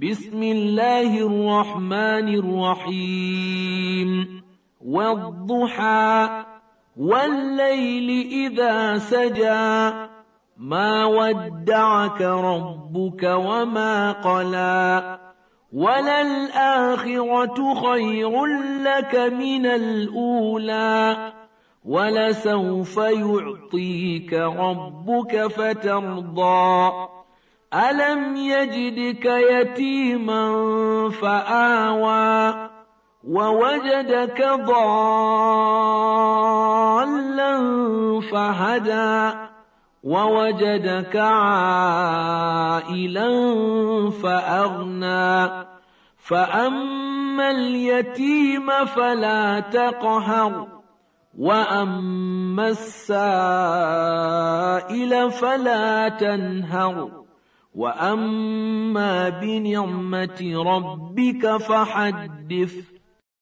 بسم الله الرحمن الرحيم والضحى والليل إذا سجى ما ودعك ربك وما قلى وللآخرة خير لك من الأولى ولسوف يعطيك ربك فترضى ألم يجدك يتيما فآوى ووجدك ضالا فهدى ووجدك عائلا فأغنى فأما اليتيم فلا تقهر وأما السائل فلا تنهر وأما بنعمة ربك فحدث